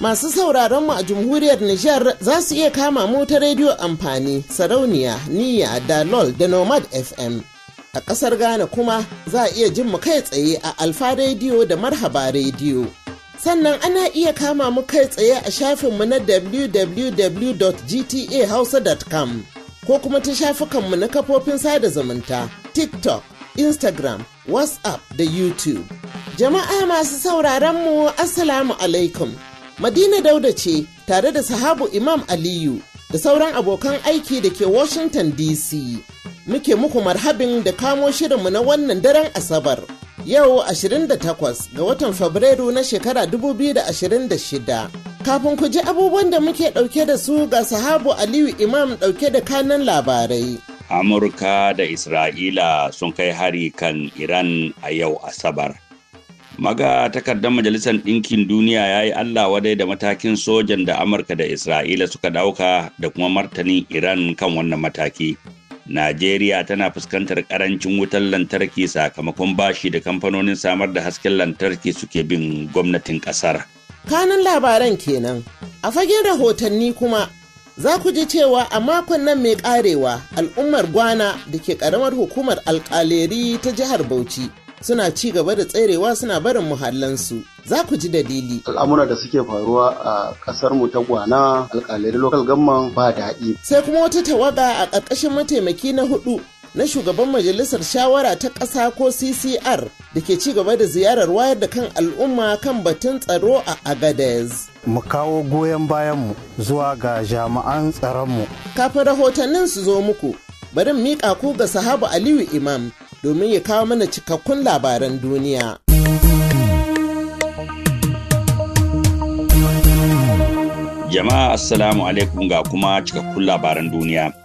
Masu sauraron mu a jamhuriyar Nijar za su iya kama mu ta rediyo amfani, sarauniya, Da Lol da nomad FM. A ƙasar Ghana kuma za a iya jin mu kai tsaye a Alfa rediyo da Marhaba rediyo. Sannan ana iya kama mu kai tsaye a shafinmu na www.gtahausa.com ko kuma ta shafukanmu na kafofin sada zumunta, TikTok, Instagram, WhatsApp da YouTube. Jama'a masu sauraron mu, Assalamu alaikum. Madina Dauda ce tare da sahabu Imam Aliyu da sauran abokan aiki da ke Washington DC. Muke muku marhabin da kamo shirinmu na wannan daren Asabar. Yau 28 ga watan Fabrairu na shekara 2026. Kafin ku ji abubuwan da muke ɗauke da su ga sahabu Aliyu Imam ɗauke da kanan labarai. Amurka da Isra'ila sun kai hari kan Iran a yau Asabar. maga takardar majalisar ɗinkin duniya ya yi allah wadai da matakin sojan da amurka da isra'ila suka dauka da kuma martanin iran kan wannan mataki najeriya tana fuskantar karancin wutar lantarki sakamakon bashi da kamfanonin samar da hasken lantarki suke bin gwamnatin kasar kanan labaran kenan a fagen rahotanni kuma za ku ji cewa a makon nan mai karewa al'ummar gwana da ke karamar hukumar alkaleri ta jihar bauchi suna ci gaba da tserewa suna barin muhallansu. Za ku ji dalili. Al'amura da suke faruwa a kasar mu ta Gwana alƙalai lokal gamman ba daɗi. Sai kuma wata tawaga a ƙarƙashin mataimaki na hudu na shugaban majalisar shawara ta ƙasa ko CCR da ke ci gaba da ziyarar wayar da kan al'umma kan batun tsaro a Agadez. Mu kawo goyon bayanmu zuwa ga jami'an tsaronmu. Kafin rahotannin su zo muku, bari miƙa ku ga sahabu Aliyu Imam. domin ya kawo mana cikakkun labaran duniya. Jama'a Assalamu alaikum ga kuma cikakkun labaran duniya.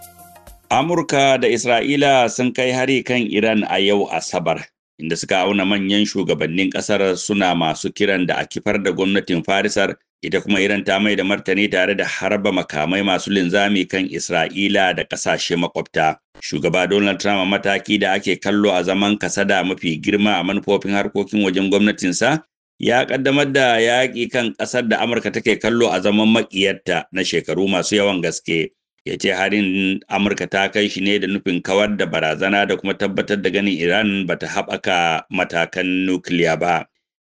Amurka da Isra'ila sun kai hari kan Iran a yau Asabar, inda suka auna manyan shugabannin ƙasar suna masu kiran da a kifar da gwamnatin Farisar ita kuma iran ta mai da martani tare da harba makamai masu linzami kan isra'ila da kasashe makwabta shugaba donald trump mataki da ake kallo a zaman kasada mafi girma a manufofin harkokin wajen gwamnatinsa ya kaddamar da yaƙi kan ƙasar da amurka take kallo a zaman makiyarta na shekaru masu yawan gaske ya ce harin amurka ta kai shi ne da nufin kawar da barazana da kuma tabbatar da ganin iran ba ta haɓaka matakan nukiliya ba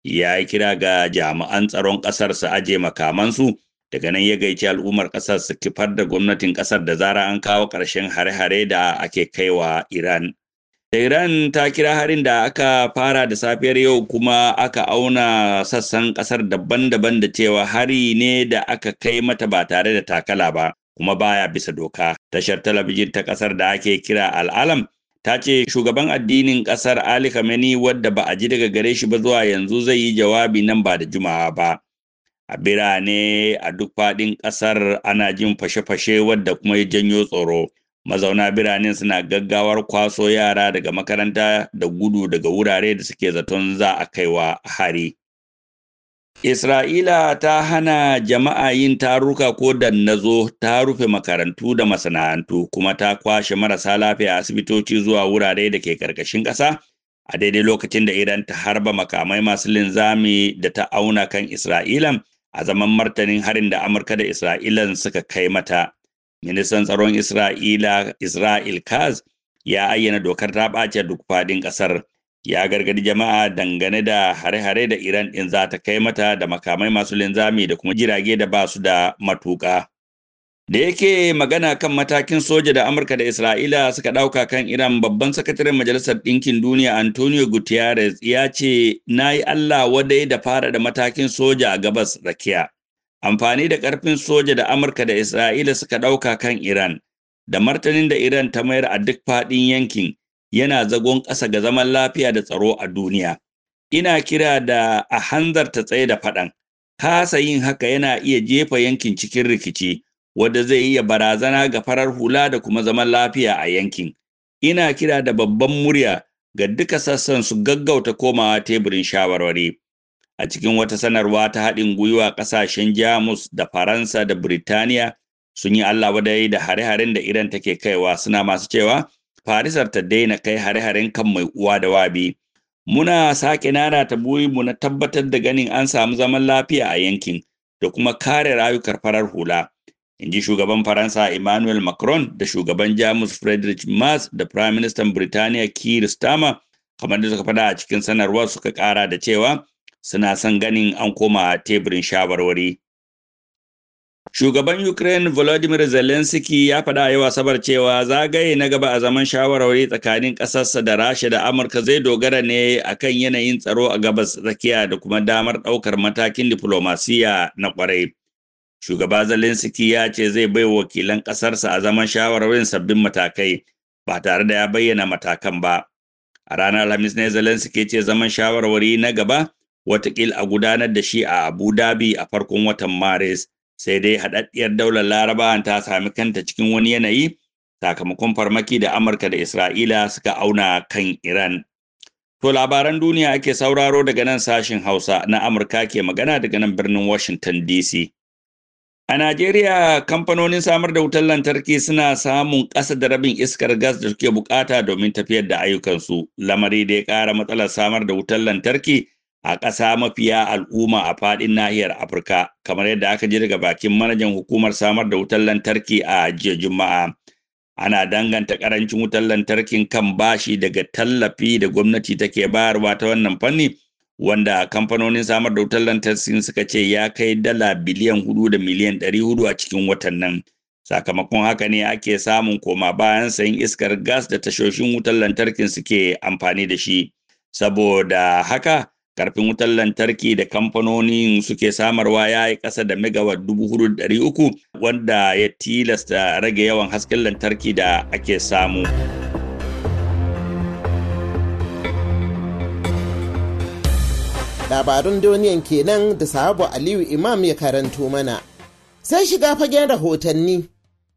ya yi kira ga jami'an tsaron ƙasar su aje makamansu daga nan ya gaici al'ummar ƙasar su kifar da gwamnatin ƙasar da zara an kawo ƙarshen hare-hare da ake kaiwa iran da iran ta kira harin da aka fara da safiyar yau kuma aka auna sassan ƙasar daban-daban da cewa hari ne da aka kai mata ba tare da takala ba kuma baya bisa doka tashar talabijin ta ƙasar da ake kira al'alam ta ce shugaban addinin kasar Ali Khamenei wadda ba a ji daga gare shi ba zuwa yanzu zai yi jawabi nan ba da juma'a ba. A birane a duk faɗin ƙasar ana jin fashe-fashe wadda kuma ya janyo tsoro. Mazauna biranen suna gaggawar kwaso yara daga makaranta da gudu daga wurare da suke zaton za a kaiwa hari. Isra'ila ta hana jama'a yin taruka ko dannazo ta rufe makarantu da masana'antu kuma ta kwashe marasa lafiya asibitoci zuwa wurare da ke ƙarƙashin ƙasa a daidai lokacin da Iran ta harba makamai masu linzami da ta auna kan Isra'ilan a zaman martanin harin da Amurka da Isra'ila suka kai mata. Ministan tsaron Isra'ila Isra'il Kaz ya ayyana dokar ta ɓace duk faɗin ƙasar. ya gargadi jama'a dangane da hare-hare da Iran ɗin za ta kai mata da makamai masu linzami da kuma jirage da ba su da matuƙa. Da yake magana kan matakin soja da Amurka da Isra'ila suka ɗauka kan Iran babban sakataren Majalisar Ɗinkin Duniya Antonio Gutierrez ya ce, Na yi Allah wadai da fara da matakin soja a gabas rakiya Amfani da karfin soja da Amurka da Isra'ila suka ɗauka kan Iran, da martanin da Iran ta mayar a duk faɗin yankin, yana zagon ƙasa ga zaman lafiya da tsaro a duniya. Ina kira da a hanzarta tsaye da faɗan, kasa yin haka yana iya jefa yankin cikin rikici, wadda zai iya barazana ga farar hula da kuma zaman lafiya a yankin. Ina kira da babban murya ga duka sassan su gaggauta komawa teburin shawarwari. A cikin wata sanarwa ta haɗin gwiwa ƙasashen Jamus da Faransa da Birtaniya sun yi Allah wadai da hare-haren da Iran take kaiwa suna masu cewa Farisar ta daina kai hare-haren kan mai uwa da wabi. Muna sake nara ta mu na tabbatar da ganin an samu zaman lafiya a yankin da kuma kare rayukar farar hula. Inji shugaban Faransa Emmanuel Macron da shugaban Jamus Friedrich Merz da Prime Minister Birtaniya Keir Starmer kamar da suka faɗa a cikin sanarwar suka kara da cewa suna son ganin an koma teburin shawarwari. Shugaban Ukraine Volodymyr Zelensky ya faɗa yau Asabar cewa zagaye na gaba a zaman shawarwari tsakanin ƙasarsa da Rasha da Amurka zai dogara ne a kan yanayin tsaro a gabas tsakiya da kuma damar ɗaukar matakin diflomasiya na ƙwarai. Shugaba Zelensky ya ce zai bai wakilan ƙasarsa a zaman shawarwarin sabbin matakai ba tare da ya bayyana matakan ba. A ranar Alhamis ne Zelensky ce zaman shawarwari na gaba watakil a gudanar da shi a Abu Dhabi a farkon watan Maris. sai dai haɗaɗɗiyar daular larabawan ta sami kanta cikin wani yanayi sakamakon farmaki da amurka da isra'ila suka auna kan iran to labaran duniya ake sauraro daga nan sashin hausa na amurka ke magana daga nan birnin washington dc a najeriya kamfanonin samar da wutar lantarki suna samun ƙasa da rabin iskar gas da suke bukata domin tafiyar da ayyukansu lamari da ya ƙara matsalar samar da wutar lantarki a ƙasa mafiya al'umma a faɗin nahiyar Afirka, kamar yadda aka ji daga bakin manajan hukumar samar da wutar lantarki a jiya Juma'a. Ana danganta ƙarancin wutar lantarkin kan bashi daga tallafi da gwamnati take bayarwa ta wannan fanni, wanda kamfanonin samar da wutar lantarki suka ce ya kai dala biliyan hudu da miliyan ɗari hudu a cikin watan nan. Sakamakon haka ne ake samun koma bayan sayin iskar gas da tashoshin wutar lantarkin suke amfani da shi. Saboda haka, karfin wutar lantarki da kamfanonin suke samarwa ya yi ƙasa da megawatt dubu hudu dari uku wanda ya tilasta rage yawan hasken lantarki da ake samu. Labarun duniyan kenan da sahabu Aliyu Imam ya karanto mana. Sai shiga fagen rahotanni.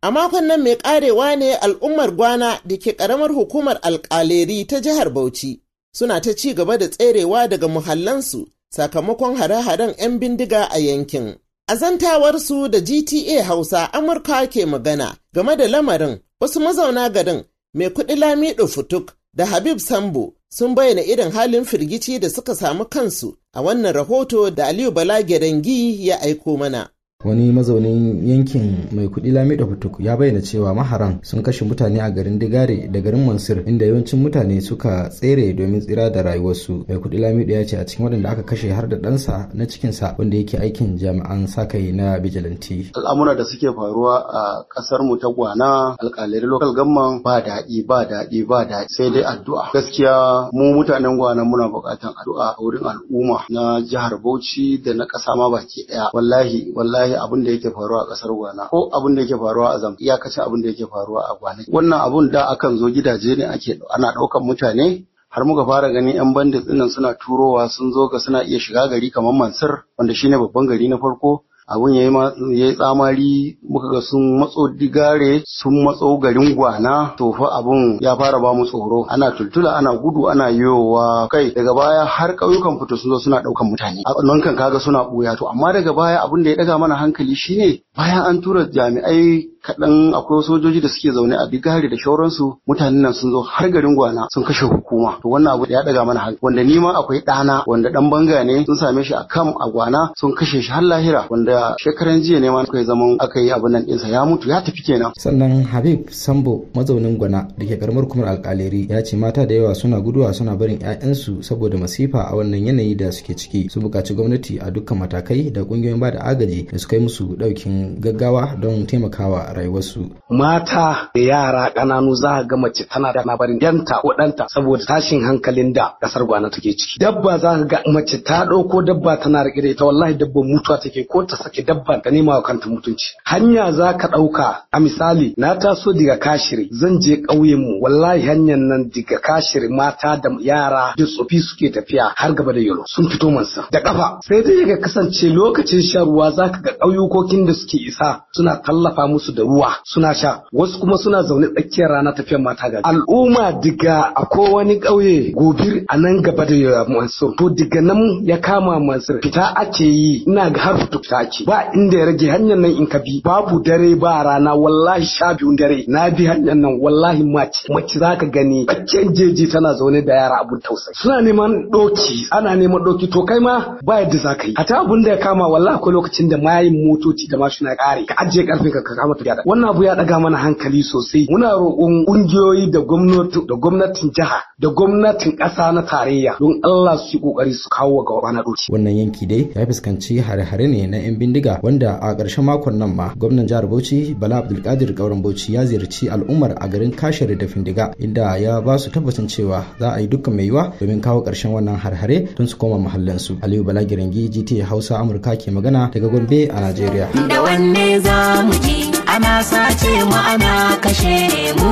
A makon nan mai karewa ne al'ummar gwana da ke ƙaramar hukumar alƙaleri ta jihar Bauchi. suna ta ci gaba da tserewa daga muhallansu sakamakon hare-haren 'yan bindiga a yankin. Azantawarsu da GTA Hausa Amurka ke magana game da lamarin wasu mazauna garin mai kuɗi Lamido Futuk da Habib Sambo sun bayyana irin halin firgici da suka samu kansu a wannan rahoto da Aliyu Bala Gerengi ya aiko mana. wani mazaunin yankin mai kudi lamido fituk ya bayyana cewa maharan sun kashe mutane a garin digare da garin mansir inda yawancin mutane suka tsere domin tsira da rayuwarsu mai kudi lamido ya ce a cikin waɗanda aka kashe har da ɗansa na cikinsa wanda yake aikin jami'an sakai na bijilanti al'amura da suke faruwa a ƙasar mu ta gwana alƙalai local gamman ba daɗi ba daɗi ba daɗi sai dai addu'a gaskiya mu mutanen gwana muna buƙatan addu'a a wurin al'umma na jihar bauchi da na ƙasa ma baki ɗaya wallahi wallahi wallahi abin da yake faruwa a kasar gwana, ko abin da yake faruwa a Zam iyakacin abin da yake faruwa a gwana wannan abun da akan zo gidaje ne ake ana daukan mutane har muka fara gani yan bandit dinnan suna turowa sun zo ga suna iya shiga gari kamar Mansur wanda shine babban gari na farko abun ya yi tsamari muka ga sun matso digare sun matso garin gwana to fa abun ya fara ba mu tsoro ana tultula ana gudu ana yowa kai daga baya har ƙauyukan fito sun zo suna ɗaukan mutane a nan kan kaga suna ɓuya to amma daga baya abun da ya ɗaga mana hankali shine bayan an tura jami'ai kaɗan akwai sojoji da suke zaune a digari da shauransu mutanen nan sun zo har garin gwana sun kashe hukuma to wannan abu ya daga mana hankali wanda ni akwai ɗana wanda ɗan banga ne sun same shi a kam a gwana sun kashe shi har lahira wanda shekaran jiya ne ma kai zaman aka yi abin nan ɗinsa ya mutu ya tafi kenan. sannan habib sambo mazaunin gwana da ke karamar kumar alkaleri ya ce mata da yawa suna guduwa suna barin 'ya'yansu saboda masifa a wannan yanayi da suke ciki su buƙaci gwamnati a dukkan matakai da ƙungiyoyin ba da agaji da su kai musu ɗaukin gaggawa don taimakawa rayuwarsu. Mata da yara ƙananu za ga mace tana da labarin yanta ko ɗanta saboda tashin hankalin da ƙasar gwana take ciki. Dabba za ka ga mace ta ɗauko dabba tana riƙe da ita wallahi dabban mutuwa take ko ta sake dabba ta nema wa kanta mutunci. Hanya za ka ɗauka a misali na taso daga kashiri zan je ƙauyen mu wallahi hanyar nan daga kashiri mata da yara da tsofi suke tafiya har gaba da yalo sun fito mansa da ƙafa sai dai ka kasance lokacin shan ruwa za ka ga ƙauyukokin da suke isa suna tallafa musu da ruwa suna sha wasu kuma suna zaune tsakiyar rana tafiyar mata gari al'umma diga akwai wani ƙauye gobir a nan gaba da mansur to diga nan ya kama mansur fita ake yi ina ga har fita ake ba inda ya rage hanyar nan in ka bi babu dare ba rana wallahi sha biyu dare na bi hanyar nan wallahi mace mace ka gani tsakiyar jeji tana zaune da yara abun tausayi suna neman doki ana neman doki to kai ma ba yadda ka yi ta abun da ya kama wallahi akwai lokacin da mayin motoci da mashina kare ka ajiye ƙarfe ka kama gyara wannan abu ya ɗaga mana hankali sosai muna roƙon ƙungiyoyi da gwamnati da gwamnatin jiha da gwamnatin ƙasa na tarayya don Allah su yi ƙoƙari su kawo wa gaba na doci wannan yanki dai ya fuskanci hare-hare ne na yan bindiga wanda a ƙarshen makon nan ma gwamnan jihar Bauchi Bala Abdulkadir Gauran Bauchi ya ziyarci al'ummar a garin kashar da Findiga inda ya ba su tabbacin cewa za a yi dukkan mai yiwa domin kawo ƙarshen wannan har-hare don su koma mahallansu Aliyu Bala Girangi GT Hausa Amurka ke magana daga Gombe a Najeriya da wanne za mu ji ana sace mu ana kashe mu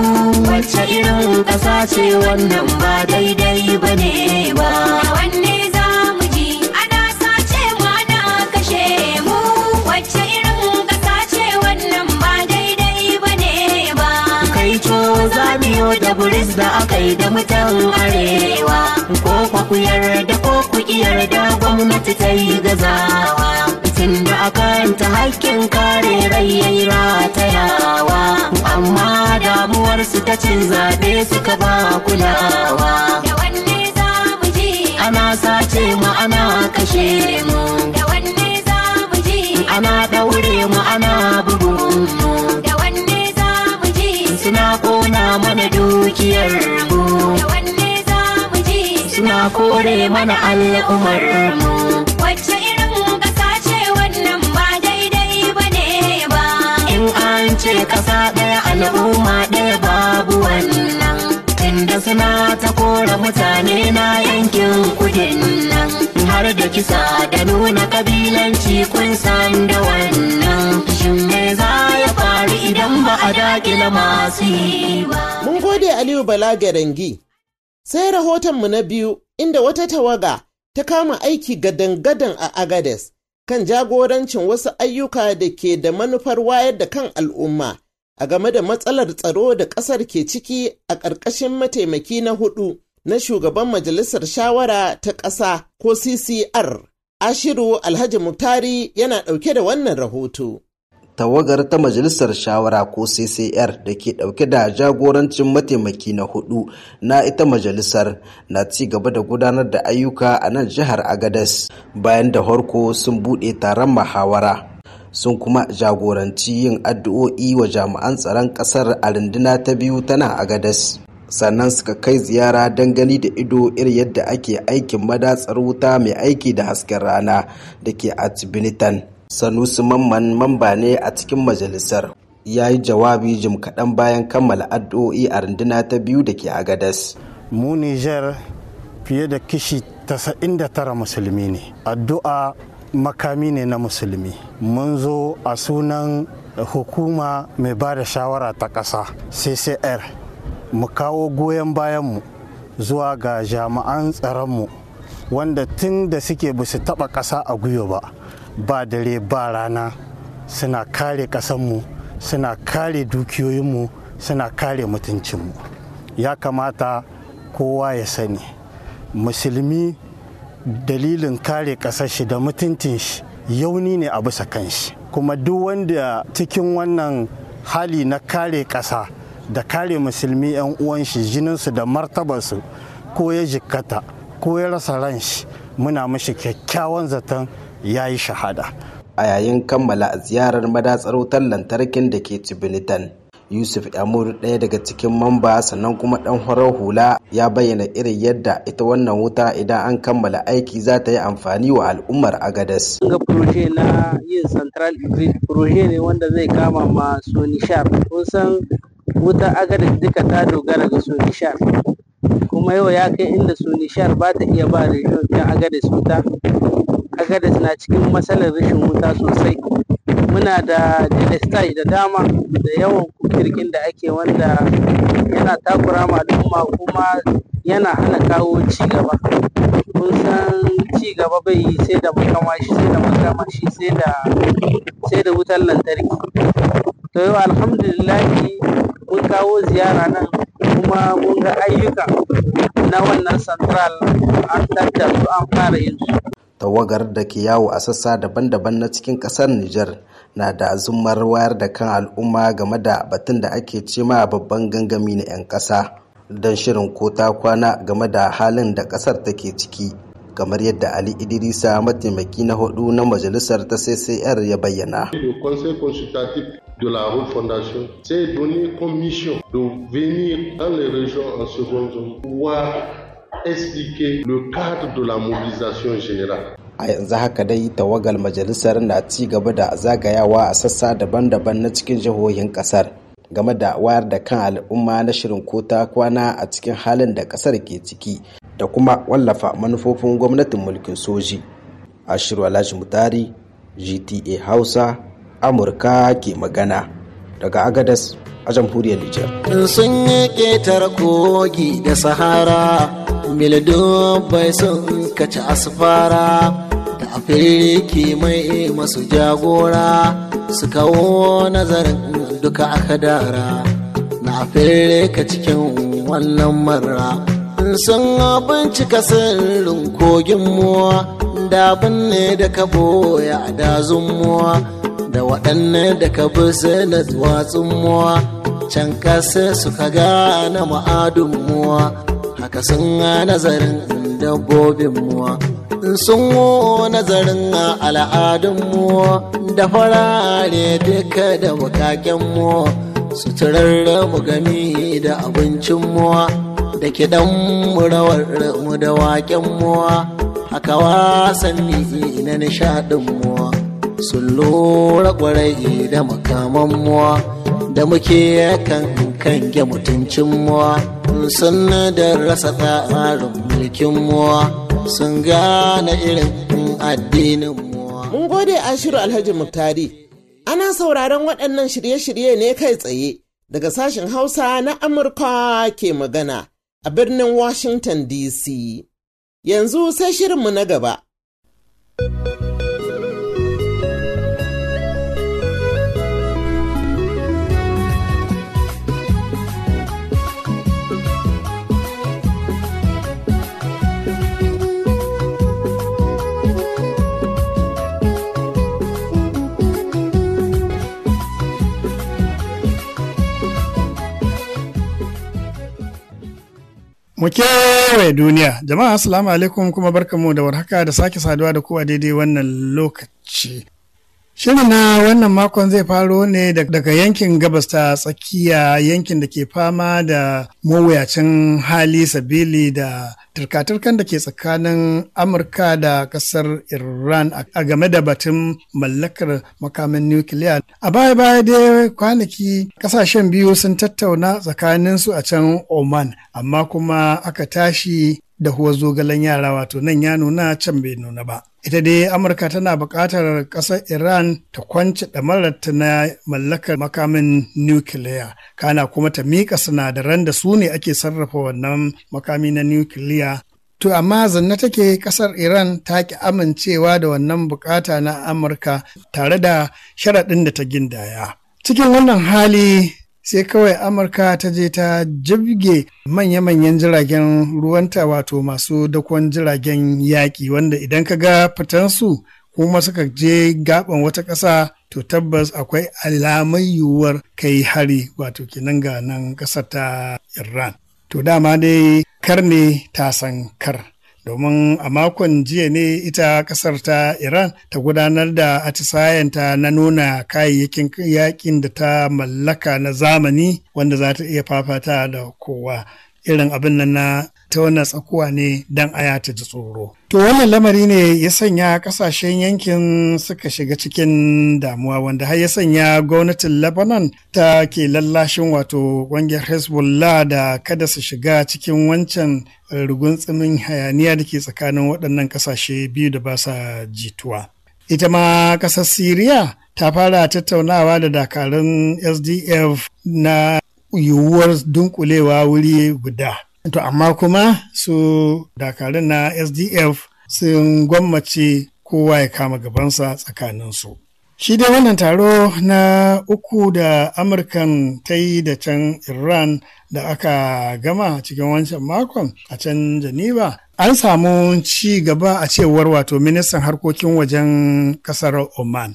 wacce irin ƙasa ce wannan ba daidai ba ne ba wanne za mu ji ana sace mu ana kashe mu wacce irin ƙasa ce wannan ba daidai ba ne ba kai co yi da buris da aka da mutan arewa ko ku yarda ko ku yarda gwamnati ta yi gazawa ba a ta hakkin kare rai yayi yawa? amma damuwar su ta cin zaɓe suka ba kulawa da wanne za mu ji? ana sace mu ana kashe mu da wanne za mu ji? ana daure mu ana bugun mu da wanne za mu ji suna kona mana dukiyar mu da wanne za mu suna kore mana al'umar mu wacce in an ce kasa ɗaya al'umma ɗaya babu wannan inda suna ta kora mutane na yankin kudin nan har da kisa da nuna kabilanci kun san da wannan shin me za ya faru idan ba a dakila masu yi ba. Mun gode Aliyu Bala Garangi. Sai rahotonmu na biyu inda wata tawaga ta kama aiki gadan-gadan a Agades kan jagorancin wasu ayyuka da ke da manufar wayar da kan al'umma a game da matsalar tsaro da ƙasar ke ciki a ƙarƙashin mataimaki na hudu na shugaban majalisar shawara ta ƙasa ko CCR. Ashiru Alhaji Muktari yana ɗauke da wannan rahoto. tawagar ta majalisar shawara ko ccr da ke dauke da jagorancin mataimaki na hudu na ita majalisar na ci gaba da gudanar da ayyuka a nan jihar agadas bayan da harko sun bude taron mahawara sun kuma jagoranci yin addu'o'i wa jami'an tsaron kasar a runduna ta biyu tana agadas sannan suka kai ziyara don gani da ido irin yadda ake aikin madatsar wuta mai aiki da hasken rana da ke a Sanusi Mamman mamba ne a cikin majalisar. Ya yi jawabi jim kaɗan bayan kammala addu'o'i a runduna ta biyu da ke Agadas. Mu Nijar fiye da kishi 99 musulmi ne. Addu'a makami ne na musulmi. Mun zo a sunan hukuma mai ba da shawara ta ƙasa CCR. Mu kawo goyon bayanmu zuwa ga jami'an tsaronmu wanda tun da suke ba su taɓa ƙasa a guyo ba. ba dare ba rana suna kare ƙasanmu suna kare dukiyoyinmu suna kare mutuncinmu ya kamata kowa ya sani musulmi dalilin kare ƙasar shi da mutuncin shi yauni ne a bisa shi. kuma duk wanda cikin wannan hali na kare ƙasa da kare musulmi 'yan uwan shi jininsu da martabarsu ko ya jikkata ko ya rasa ran shi muna mashi kyakkyawan zaton ya yi shahada a yayin kammala a ziyarar madatsar wutar lantarkin da ke Tibinitan. Yusuf Amur ɗaya daga cikin mamba sannan kuma ɗan horar hula ya bayyana irin yadda ita wannan wuta idan an kammala aiki za ta yi amfani wa al'ummar Agadas. Ga proje na yin Central Grid proje ne wanda zai kama ma Sonishar. Kun san wutar Agadas duka ta dogara ga Kuma yau ya kai inda Sonishar ba ta iya ba da Agadas wuta. da na cikin matsalar rashin wuta sosai muna da delestage da dama da yawan kirkin da ake wanda yana takura ma al'umma kuma yana hana kawo ci gaba kun san ci gaba bai yi sai da makamashi sai da makamashi sai da wutar lantarki to yau alhamdulillah mun kawo ziyara nan kuma mun ga ayyuka na wannan central an su an fara yin tawagar da ke yawo a sassa daban-daban na cikin kasar Nijar na da azumar wayar da kan al'umma game da batun da ake cema babban gangami na 'yan ƙasa don shirin ko ta kwana game da halin da ƙasar take ciki kamar yadda Ali Idrisa mataimaki na hudu na majalisar ta CCR ya bayyana. de la refondation s'est donné comme mission de venir dans les régions en seconde zone expliquer le cadre de la mobilisation générale. a yanzu haka dai tawagar majalisar na ci gaba da zagayawa a sassa daban-daban na cikin jihohin kasar game da wayar da kan al'umma na shirin ko ta kwana a cikin halin da kasar ke ciki da kuma wallafa manufofin gwamnatin mulkin soji ashiru alhaji mutari gta hausa amurka ke magana daga agadas a jamhuriyar Nijar. Sun yi ketar kogi da Sahara, milidun bai sun kaci asfara, da afiriki mai masu jagora, su kawo nazarin duka aka dara, na afirka cikin wannan marra. Sun bincika sirrin kogin muwa, da binne da kabo ya da zumuwa. da waɗanne da ka bi na watsun muwa can ƙasa suka gane ma'adun muwa haka sun nazarin dabbobin muwa sun nazarin al'adun muwa da farare duka da bukaken muwa turarra mu gami da abincin muwa da kiɗan mu rawar mu da waken muwa haka wasanni na nishaɗin muwa sun lura kwarai da makaman muwa da muke kan kange mutuncin muwa sun da rasa tsarin mulkin muwa sun gane irin addinin muwa. Mun gode a shiru Alhaji Muktari. Ana sauraron waɗannan shirye-shirye ne kai tsaye daga sashen Hausa na Amurka ke magana a birnin Washington DC. Yanzu sai shirinmu na gaba. thank you Mu kewaye duniya, jama'a assalamu alaikum kuma barkanmu da warhaka da sake saduwa da ku daidai wannan lokaci. Shirin na wannan makon zai faro ne daga yankin gabas ta tsakiya yankin da ke fama da mawuyacin hali sabili da turka-turkan da ke tsakanin Amurka da kasar Iran a game da batun mallakar makamin nukiliya. A baya-baya dai kwanaki kasashen biyu sun tattauna tsakaninsu a can Oman, amma kuma aka tashi Da kuwa zogalen yara wato nan ya nuna can bai nuna ba. Ita dai Amurka tana buƙatar ƙasar Iran ta kwanci ɗamararta na mallakar makamin nukiliya, kana kuma ta miƙa sinadaran da su ne ake sarrafa wannan makami na nukiliya. To amma zanna take ƙasar Iran ta ki amincewa da wannan buƙata na Amurka tare da sharaɗin da ta gindaya. Cikin wannan hali sai kawai amurka ta je ta jibge manya-manyan jiragen ruwanta wato masu dakon jiragen yaƙi wanda idan ka ga fitansu kuma suka je gaban wata ƙasa to tabbas akwai alamai yiwuwar kai hari wato kinan ga nan ƙasar ta iran to dama dai kar ne ta san kar domin a makon jiya ne ita kasar ta iran ta gudanar da atisayenta na nuna kayayyakin yakin da ta mallaka na zamani wanda za ta iya fafata da kowa irin abin nan na ta wannan tsakuwa ne don aya ta ji tsoro. To wannan lamari ne ya sanya kasashen yankin suka shiga cikin damuwa wanda har ya sanya gwamnatin Lebanon ta ke lallashin wato ƙungiyar Hezbollah da kada su shiga cikin wancan rugunzumin hayaniya da ke tsakanin waɗannan ƙasashe biyu da ba sa jituwa. Ita ma ƙasar Siriya ta fara tattaunawa da dakarun SDF na yiwuwar dunkulewa wuri guda. To amma kuma su dakarun na SDF sun gwammace kowa ya kama gabansa tsakaninsu. Shi dai wannan taro na uku da Amurkan ta yi da can Iran da aka gama cikin wancan makon a can Geneva an samu ci gaba a cewar wato ministan harkokin wajen kasar Oman.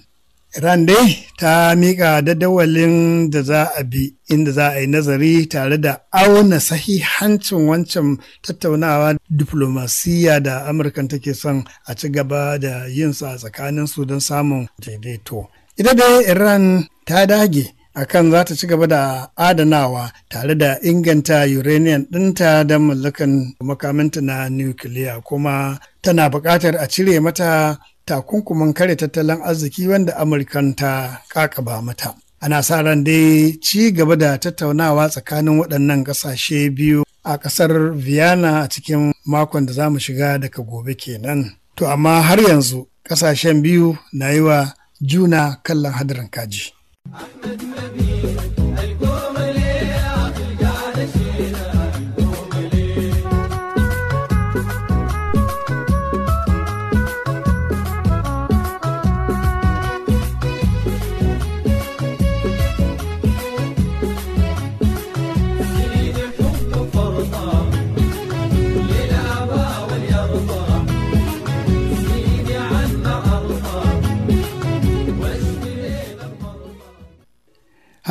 Iran dai ta miƙa daddawalin da za a bi inda za a yi nazari tare da auna sahihancin wancan tattaunawa diflomasiyya da amurka take son a ci gaba da yinsu a tsakanin su don samun daidaito. Ita dai Iran ta dage akan za ta ci gaba da adanawa tare da inganta uranium ɗinta da mallakan makamanta na nukiliya kuma tana buƙatar a cire mata takunkumin kare tattalin arziki wanda amurkan ta kakaba mata ana sa ran dai ci gaba da tattaunawa tsakanin waɗannan ƙasashe biyu a ƙasar Viyana a cikin makon da za mu shiga daga gobe kenan. To amma har yanzu ƙasashen biyu na yi wa juna kallon hadarin kaji.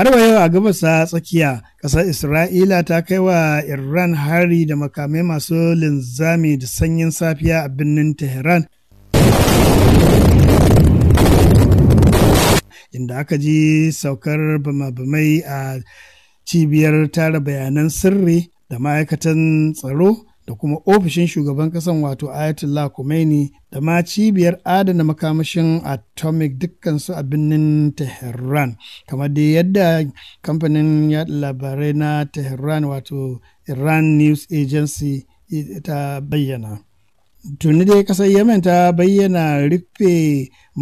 har yau a gabas tsakiya ƙasar isra'ila ta kai wa iran hari da makamai masu linzami da sanyin safiya a birnin tehran inda aka ji saukar bama-bamai a cibiyar tara bayanan sirri da ma'aikatan tsaro da kuma ofishin shugaban kasan wato ayatollah khomeini da ma cibiyar adana makamashin atomic dukkansu a birnin tehran kamar da yadda kamfanin yada labarai na tehran wato iran news agency ta bayyana tuni dai kasar yemen ta bayyana rufe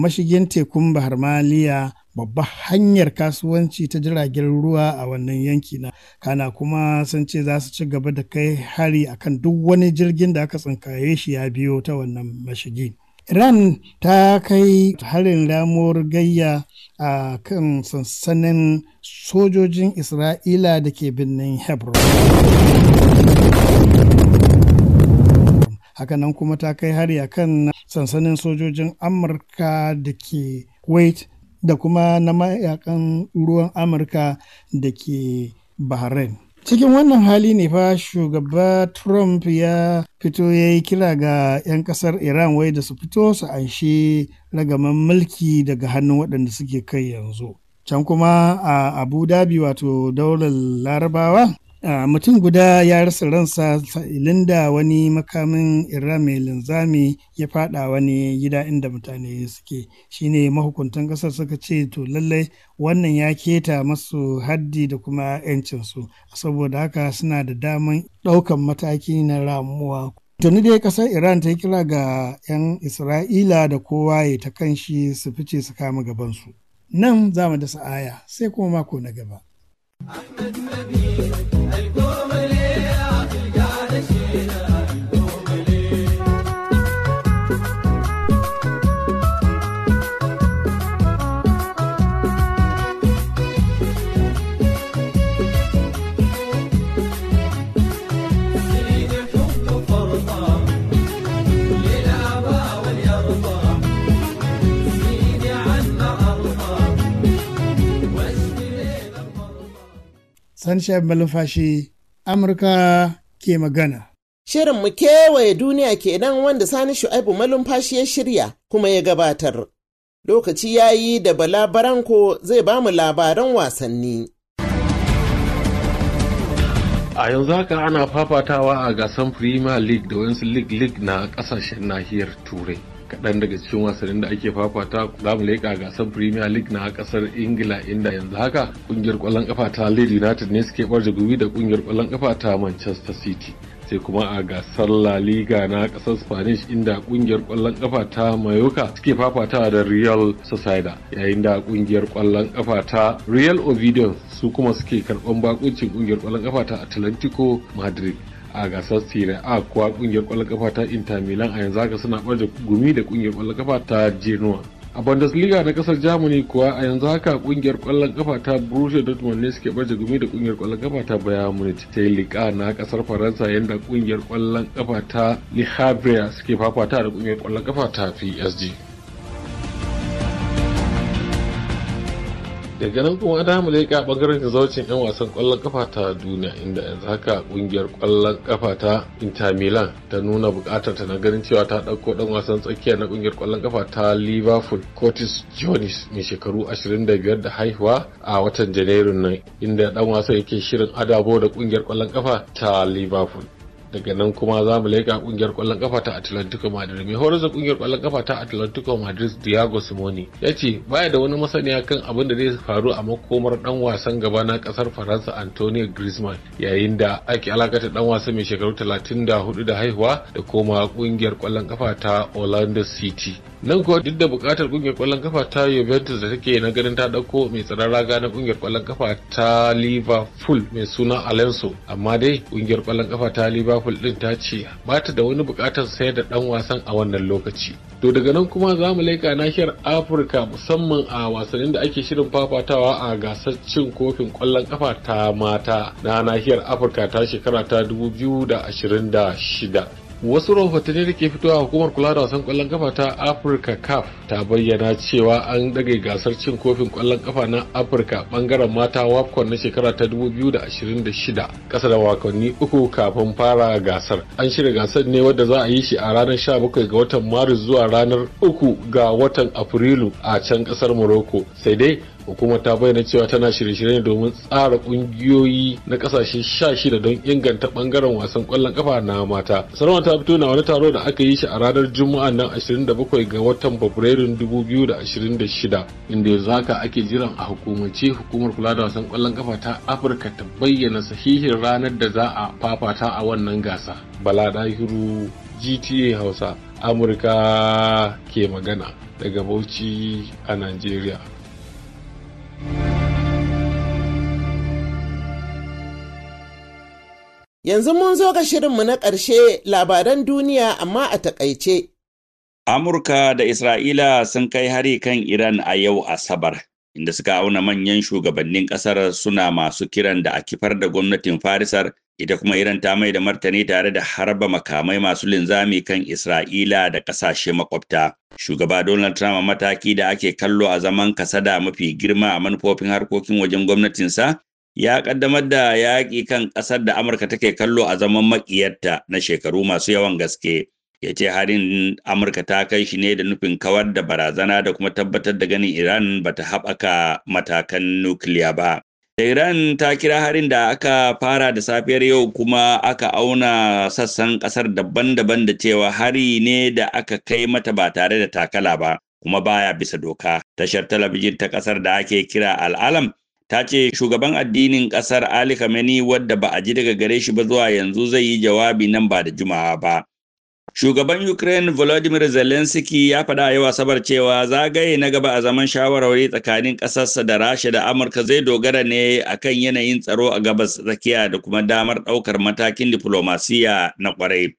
mashigin tekun bahar maliya babbar hanyar kasuwanci ta jiragen ruwa a wannan yanki na kana kuma sun ce za su ci gaba da kai hari akan duk wani jirgin da aka tsinkaye shi ya biyo ta wannan mashigi iran ta kai harin ramuwar gayya a kan sansanin sojojin isra'ila da ke birnin hebron hakanan kuma ta kai hari a kan sansanin sojojin amurka da ke kuwait da kuma na mayakan ruwan amurka da ke bahrain cikin wannan hali ne fa shugaba trump ya fito ya yi kira ga 'yan kasar iran wai da su fito su anshi ragaman mulki daga hannun waɗanda suke kai yanzu can kuma a abu dhabi wato daular larabawa mutum guda ya rasa ransa sa'ilin da wani makamin ira mai linzami ya fada wani gida inda mutane suke shine mahukuntan kasar suka ce to lallai wannan ya keta masu haddi da kuma 'yancinsu saboda haka suna da daman ɗaukan mataki na ramuwa tuni dai kasar iran ta yi kira ga 'yan isra'ila da kowa ya ta kan shi su fice su kama gabansu nan za mu dasa aya sai kuma mako na gaba أحمد نبيل Sunshine Malumfashi, Amurka ke magana. Shirin mu kewaye duniya kenan wanda Sani Shu'aibu Malumfashi ya shirya kuma ya gabatar. Lokaci ya yi da Bala Baranko zai ba mu labaran wasanni. a yanzu haka ana fafatawa a gasar premier league da wasu league league na kasashen nahiyar turai kaɗan daga cikin wasannin da ake fafata za mu leƙa gasar premier league na ƙasar ingila inda yanzu haka ƙungiyar kwallon ƙafa ta leeds united ne suke ɓarje gumi da ƙungiyar ƙwallon ƙafa ta manchester city sai kuma a gasar La Liga na ƙasar Spanish inda ƙungiyar kwallon ƙafa ta Mayoka suke fafatawa da Real Sociedad yayin da ƙungiyar kwallon ƙafa ta Real Oviedo su kuma suke karban bakuncin ƙungiyar kwallon ƙafa ta Atlantico Madrid a gasar tsire A kuwa kungiyar kwallon kafa ta Inter Milan a yanzu haka suna barje gumi da kungiyar kwallon kafa ta Genoa. A Bundesliga na kasar Germany kuwa a yanzu haka kungiyar kwallon kafa ta Borussia Dortmund ne suke barje gumi da kungiyar kwallon kafa ta Bayern Munich ta liƙa na kasar Faransa yadda kungiyar kwallon kafa ta Le suke fafata da kungiyar kwallon kafa ta PSG. daga nan kuma ta mu leƙa bangaren zaucin 'yan wasan kwallon kafa ta duniya inda yanzu haka ƙungiyar kwallon kafa ta inter milan ta nuna bukatar ta na ganin cewa ta ɗauko ɗan wasan tsakiya na kungiyar ƙwallon kafa ta liverpool curtis jones mai shekaru 25 da haihuwa a watan janairun nan inda ɗan wasan yake shirin adabo da ƙungiyar kwallon kafa ta liverpool daga nan kuma za mu leƙa kungiyar kwallon kafa ta atlantico madrid mai horar da kungiyar kwallon kafa ta atlantico madrid diego simoni ya ce baya da wani masaniya kan abin da zai faru a makomar dan wasan gaba na kasar faransa antonio griezmann yayin da ake alakata dan wasa mai shekaru 34 da haihuwa da koma ƙungiyar kwallon kafa ta orlando city nan kuwa duk da bukatar kungiyar kwallon kafa ta Juventus da take na ganin ta dauko mai tsaron raga na kungiyar kwallon kafa ta Liverpool mai suna Alonso amma dai ƙungiyar kwallon kafa ta Liverpool Liverpool ɗin ta ce ba ta da wani buƙatar sayar da ɗan wasan a wannan lokaci. To daga nan kuma za mu laika nahiyar Afirka musamman a wasannin da ake shirin fafatawa a gasar cin kofin ƙwallon ƙafa ta mata na nahiyar Afirka ta shekara ta 2026. wasu rahotanni da ke fitowa hukumar kula da wasan kwallon kafa ta afirka caf ta bayyana cewa an dage gasar cin kofin kwallon kafa na afirka bangaren mata wapcon na shekara ta 2026 kasa da wakanni uku kafin fara gasar an shirya gasar ne wadda za a yi shi a ranar 17 ga watan maris zuwa ranar 3 ga watan afrilu a can kasar morocco sai dai hukumar ta bayyana cewa tana shirye-shirye domin tsara kungiyoyi na kasashe sha shida don inganta bangaren wasan kwallon kafa na mata sama ta fito na wani taro da aka yi shi a ranar juma'a nan 27 ga watan fabrairun 2026 inda yanzu haka ake jiran a hukumance hukumar kula da wasan kwallon kafa ta afirka ta bayyana sahihin ranar da za a fafata a wannan gasa bala dahiru gta hausa amurka ke magana daga bauchi a nigeria Yanzu mun zo ga shirinmu na ƙarshe labaran duniya amma a taƙaice. Amurka da Isra'ila sun kai hari kan Iran a yau Asabar, inda suka auna manyan shugabannin ƙasar suna masu kiran da a kifar da gwamnatin farisar ita kuma iran ta mai da martani tare da harba makamai masu linzami kan isra'ila da ƙasashe maƙwabta shugaba donald trump a mataki da ake kallo a zaman kasada mafi girma a manufofin harkokin wajen gwamnatinsa ya ƙaddamar da yaƙi kan ƙasar da amurka take kallo a zaman maƙiyarta na shekaru masu yawan gaske ya ce harin amurka ta kai shi ne da nufin kawar da barazana da kuma tabbatar da ganin iran ba ta haɓaka matakan nukiliya ba da iran ta kira harin da aka fara da safiyar yau kuma aka auna sassan ƙasar daban-daban da cewa hari ne da aka kai mata ba tare da takala ba kuma baya bisa doka tashar talabijin ta ƙasar da ake kira al'alam ta ce shugaban addinin ƙasar ali khamenei wadda ba a ji daga gare shi ba zuwa yanzu zai yi jawabi nan ba da jumawa ba Shugaban Ukraine Volodymyr Zelensky ya faɗa yau Asabar cewa zagaye na gaba a zaman shawarwari tsakanin ƙasarsa da Rasha da Amurka zai dogara ne a kan yanayin tsaro a gabas tsakiya da kuma damar ɗaukar matakin diflomasiya na ƙwarai.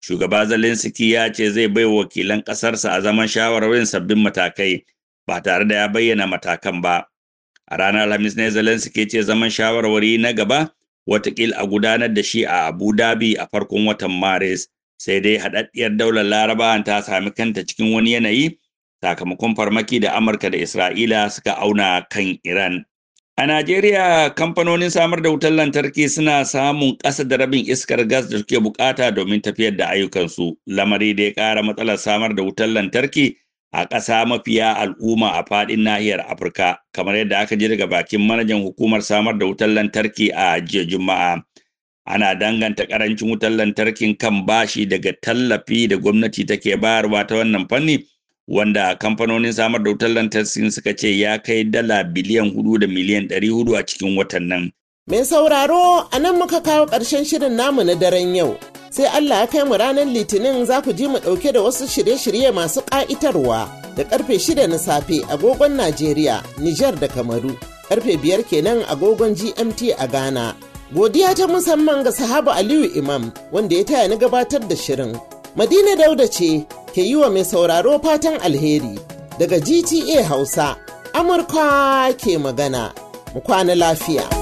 Shugaba Zelensky ya ce zai bai wakilan ƙasarsa a zaman shawarwarin sabbin matakai ba tare da ya bayyana matakan ba. A ranar Alhamis ne Zelensky ce zaman shawarwari na gaba watakil a gudanar da shi a Abu Dhabi a farkon watan Maris. sai dai haɗaɗɗiyar daular larabawan ta sami kanta cikin wani yanayi sakamakon farmaki da amurka da isra'ila suka auna kan iran a najeriya kamfanonin samar da wutar lantarki suna samun ƙasa da rabin iskar gas da suke bukata domin tafiyar da ayyukansu lamari da ya ƙara matsalar samar da wutar lantarki a ƙasa mafiya al'umma a faɗin nahiyar afirka kamar yadda aka ji daga bakin manajan hukumar samar da wutar lantarki a jiya juma'a ana danganta karancin wutar lantarkin kan bashi daga tallafi da gwamnati take bayarwa ta wannan fanni wanda kamfanonin samar da wutar lantarki suka ce ya kai dala biliyan hudu da miliyan ɗari hudu a cikin watan nan. Mai sauraro a nan muka kawo ƙarshen shirin namu na daren yau. Sai Allah ya kai mu ranar Litinin za ku ji mu ɗauke da wasu shirye-shirye masu ƙa'itarwa da karfe shida na safe agogon Najeriya, Nijar da Kamaru, karfe biyar kenan agogon GMT a Ghana. Godiya ta musamman ga sahaba Aliyu Imam wanda ya taya ni gabatar da shirin. Madina Dauda ce ke yi wa mai sauraro fatan alheri daga GTA Hausa, Amurka ke magana, mu kwana lafiya.